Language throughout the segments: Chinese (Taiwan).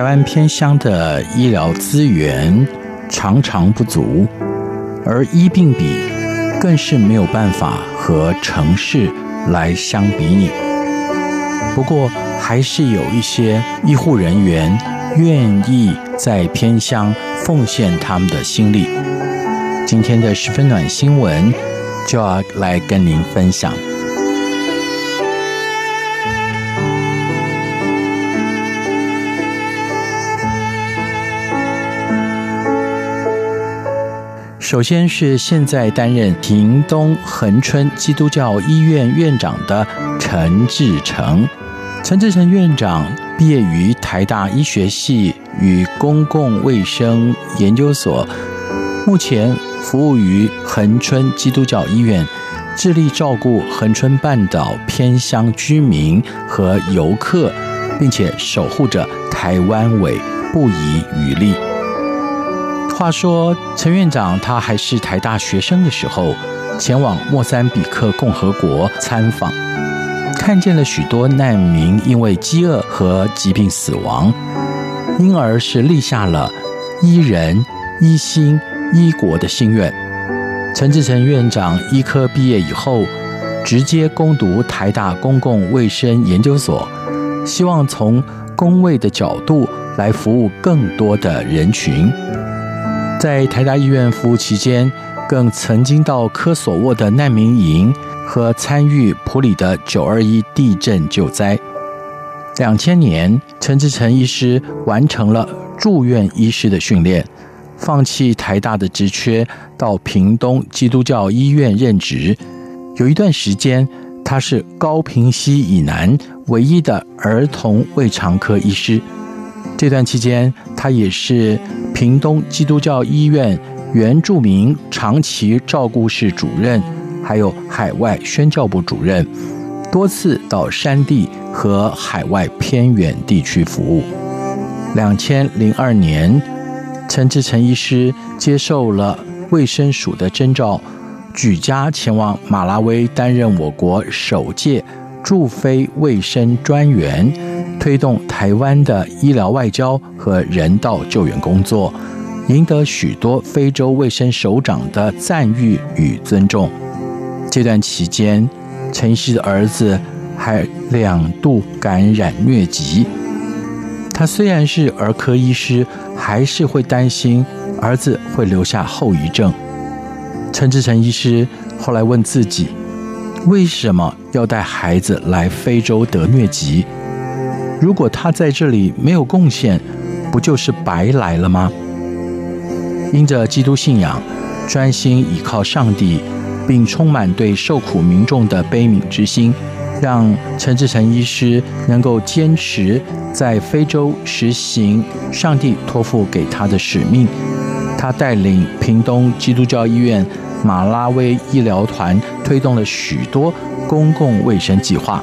台灣偏鄉的醫療資源常常不足，而醫病比更是沒有辦法和城市來相比擬。不過，還是有一些醫護人員願意在偏鄉奉獻他們的心力。今天的十分暖新聞就要來跟您分享。首先是現在擔任屏東恆春基督教醫院院長的陳志成。陳志成院長畢業於台大醫學系與公共衛生研究所，目前服務於恆春基督教醫院，致力照顧恆春半島偏鄉居民和遊客，並且守護着台灣尾，不遺餘力。話說，陳院長他還是台大學生的時候，前往莫三比克共和國參訪，看見了許多難民因為飢餓和疾病死亡，因而是立下了醫人、醫心、醫國的心願。陳志成院長醫科畢業以後，直接攻讀台大公共衛生研究所，希望從公衛的角度來服務更多的人群。在台大醫院服務期間，更曾經到科索沃的難民營和參與普里的921地震救災。兩千年，陳志成醫師完成了住院醫師的訓練，放棄台大的職缺，到屏東基督教醫院任職。有一段時間，他是高屏溪以南唯一的兒童胃腸科醫師。這段期間，他也是屏東基督教醫院原住民長期照顧室主任，還有海外宣教部主任，多次到山地和海外偏遠地區服務。兩千零二年，陳志成醫師接受了衛生署的徵召，舉家前往馬拉威擔任我國首屆駐非衛生專員。推動台灣的醫療外交和人道救援工作，贏得許多非洲衛生首長的讚譽與尊重。這段期間，陳醫師的兒子還兩度感染瘧疾。他雖然是兒科醫師，還是會擔心兒子會留下後遺症。陳志成醫師後來問自己，為什麼要帶孩子來非洲得瘧疾？如果他在這裡沒有貢獻，不就是白來了嗎？因着基督信仰，專心倚靠上帝，並充滿對受苦民眾的悲憫之心，讓陳志成醫師能夠堅持在非洲實行上帝托付給他的使命。他帶領屏東基督教醫院馬拉威醫療團，推動了許多公共衛生計劃。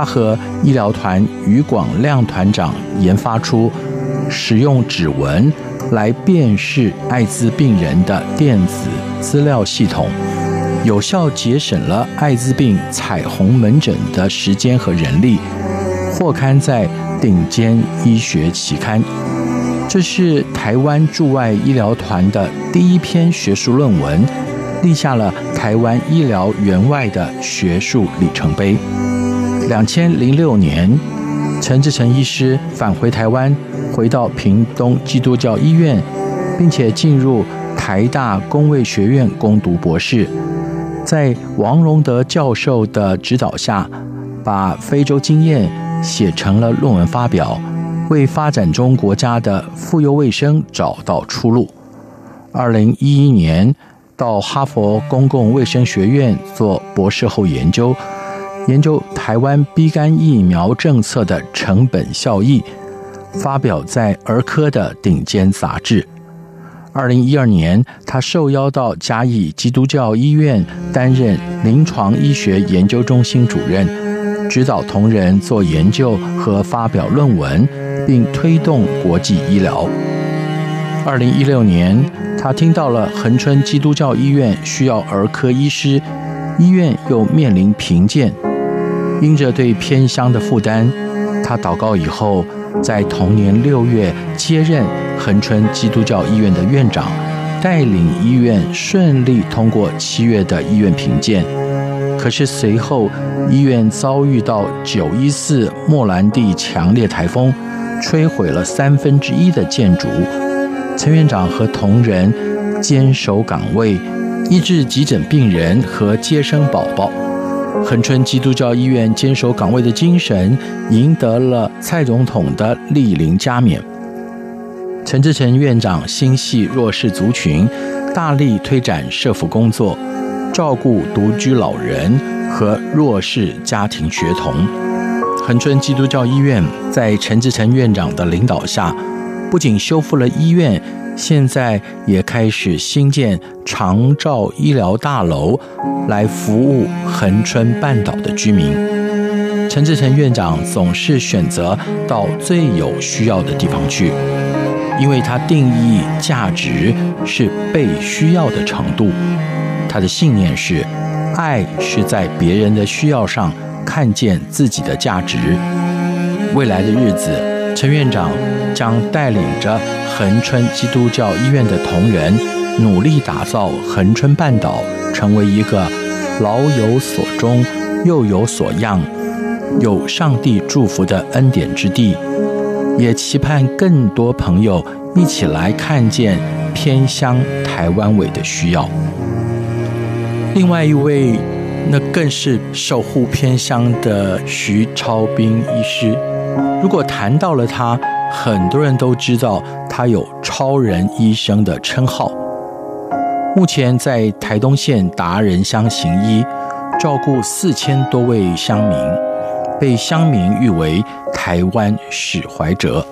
他和醫療團余廣亮團長研發出使用指紋來辨識艾滋病人的電子資料系統，有效節省了艾滋病彩虹門診的時間和人力，獲刊在頂尖醫學期刊。這是台灣駐外醫療團的第一篇學術論文，立下了台灣醫療援外的學術里程碑。兩千零六年，陳志成醫師返回台灣，回到屏東基督教醫院，並且進入台大公衛學院攻讀博士，在王榮德教授的指導下，把非洲經驗寫成了論文發表，為發展中國家的婦幼衛生找到出路。二零一一年，到哈佛公共衛生學院做博士後研究。研究台灣 B 肝疫苗政策的成本效益，發表在兒科的頂尖雜誌。二零一二年，他受邀到嘉義基督教醫院擔任臨床醫學研究中心主任，指導同仁做研究和發表論文，並推動國際醫療。二零一六年，他聽到了恆春基督教醫院需要兒科醫師，醫院又面臨評鑑。因着對偏鄉的負擔，他禱告以後，在同年六月接任恆春基督教醫院的院長，帶領醫院順利通過七月的醫院評鑑。可是隨後，醫院遭遇到九一四莫蘭蒂強烈台風，摧毀了三分之一的建築。陳院長和同仁堅守崗位，醫治急診病人和接生寶寶。恆春基督教醫院堅守崗位的精神，贏得了蔡總統的蒞臨嘉勉。陳志成院長心繫弱勢族群，大力推展社福工作，照顧獨居老人和弱勢家庭學童。恆春基督教醫院在陳志成院長的領導下，不僅修復了醫院。現在也開始新建長照醫療大樓，來服務恆春半島的居民。陳志成院長總是選擇到最有需要的地方去，因為他定義價值是被需要的程度。他的信念是，愛是在別人的需要上看見自己的價值。未來的日子，陳院長將帶領着恆春基督教醫院的同仁，努力打造恆春半島成為一個老有所終、幼有所養、有上帝祝福的恩典之地。也期盼更多朋友一起來看見偏鄉台灣委的需要。另外一位，那更是守護偏鄉的徐超斌醫師。如果談到了他，很多人都知道他有“超人醫生”的稱號。目前在台東縣達人鄉行醫，照顧四千多位鄉民，被鄉民譽為“台灣史懷哲”。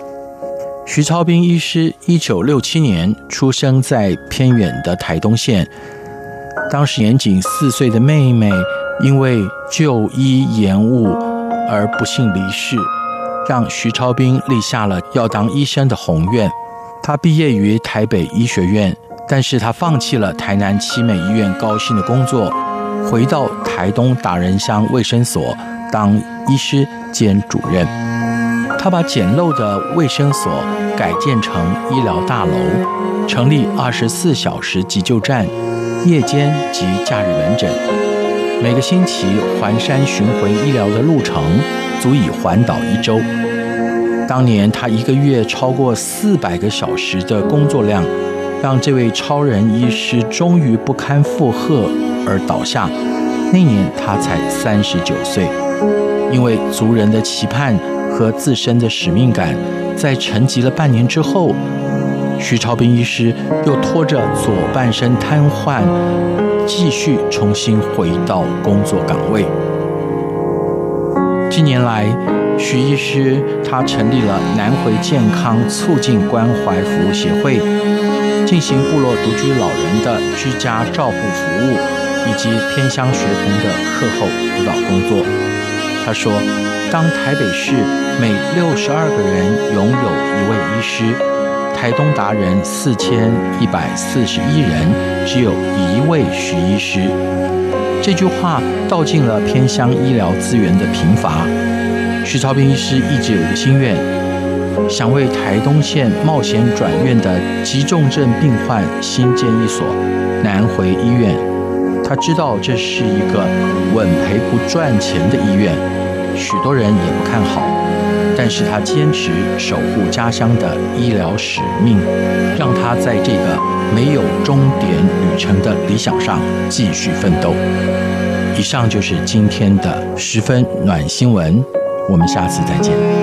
徐超斌醫師一九六七年出生在偏遠的台東縣，當時年僅四歲的妹妹因為就醫延誤而不幸離世。讓徐超斌立下了要當醫生的宏願。他畢業於台北醫學院，但是他放棄了台南奇美醫院高薪的工作，回到台東達仁鄉衛生所當醫師兼主任。他把簡陋的衛生所改建成醫療大樓，成立二十四小時急救站，夜間及假日門診。每個星期環山巡回醫療的路程，足以環島一周。當年他一個月超過四百個小時的工作量，讓這位超人醫師終於不堪負荷而倒下。那年他才三十九歲。因為族人的期盼和自身的使命感，在沉寂了半年之後，徐超斌醫師又拖着左半身癱瘓，繼續重新回到工作崗位。近年來，徐醫師他成立了南回健康促進關懷服務協會，進行部落獨居老人的居家照顧服務，以及偏鄉學童的課後輔導工作。他說，當台北市每六十二個人擁有一位醫師，台東達人四千一百四十一人，只有一位徐醫師。這句話道盡了偏鄉醫療資源的貧乏。徐超斌醫師一直有一個心願，想為台東縣冒險轉院的急重症病患新建一所南回醫院。他知道這是一個穩賠不賺錢的醫院。許多人也不看好，但是他堅持守護家鄉的醫療使命，讓他在這個沒有終點旅程的理想上繼續奮鬥。以上就是今天的十分暖新聞，我們下次再見。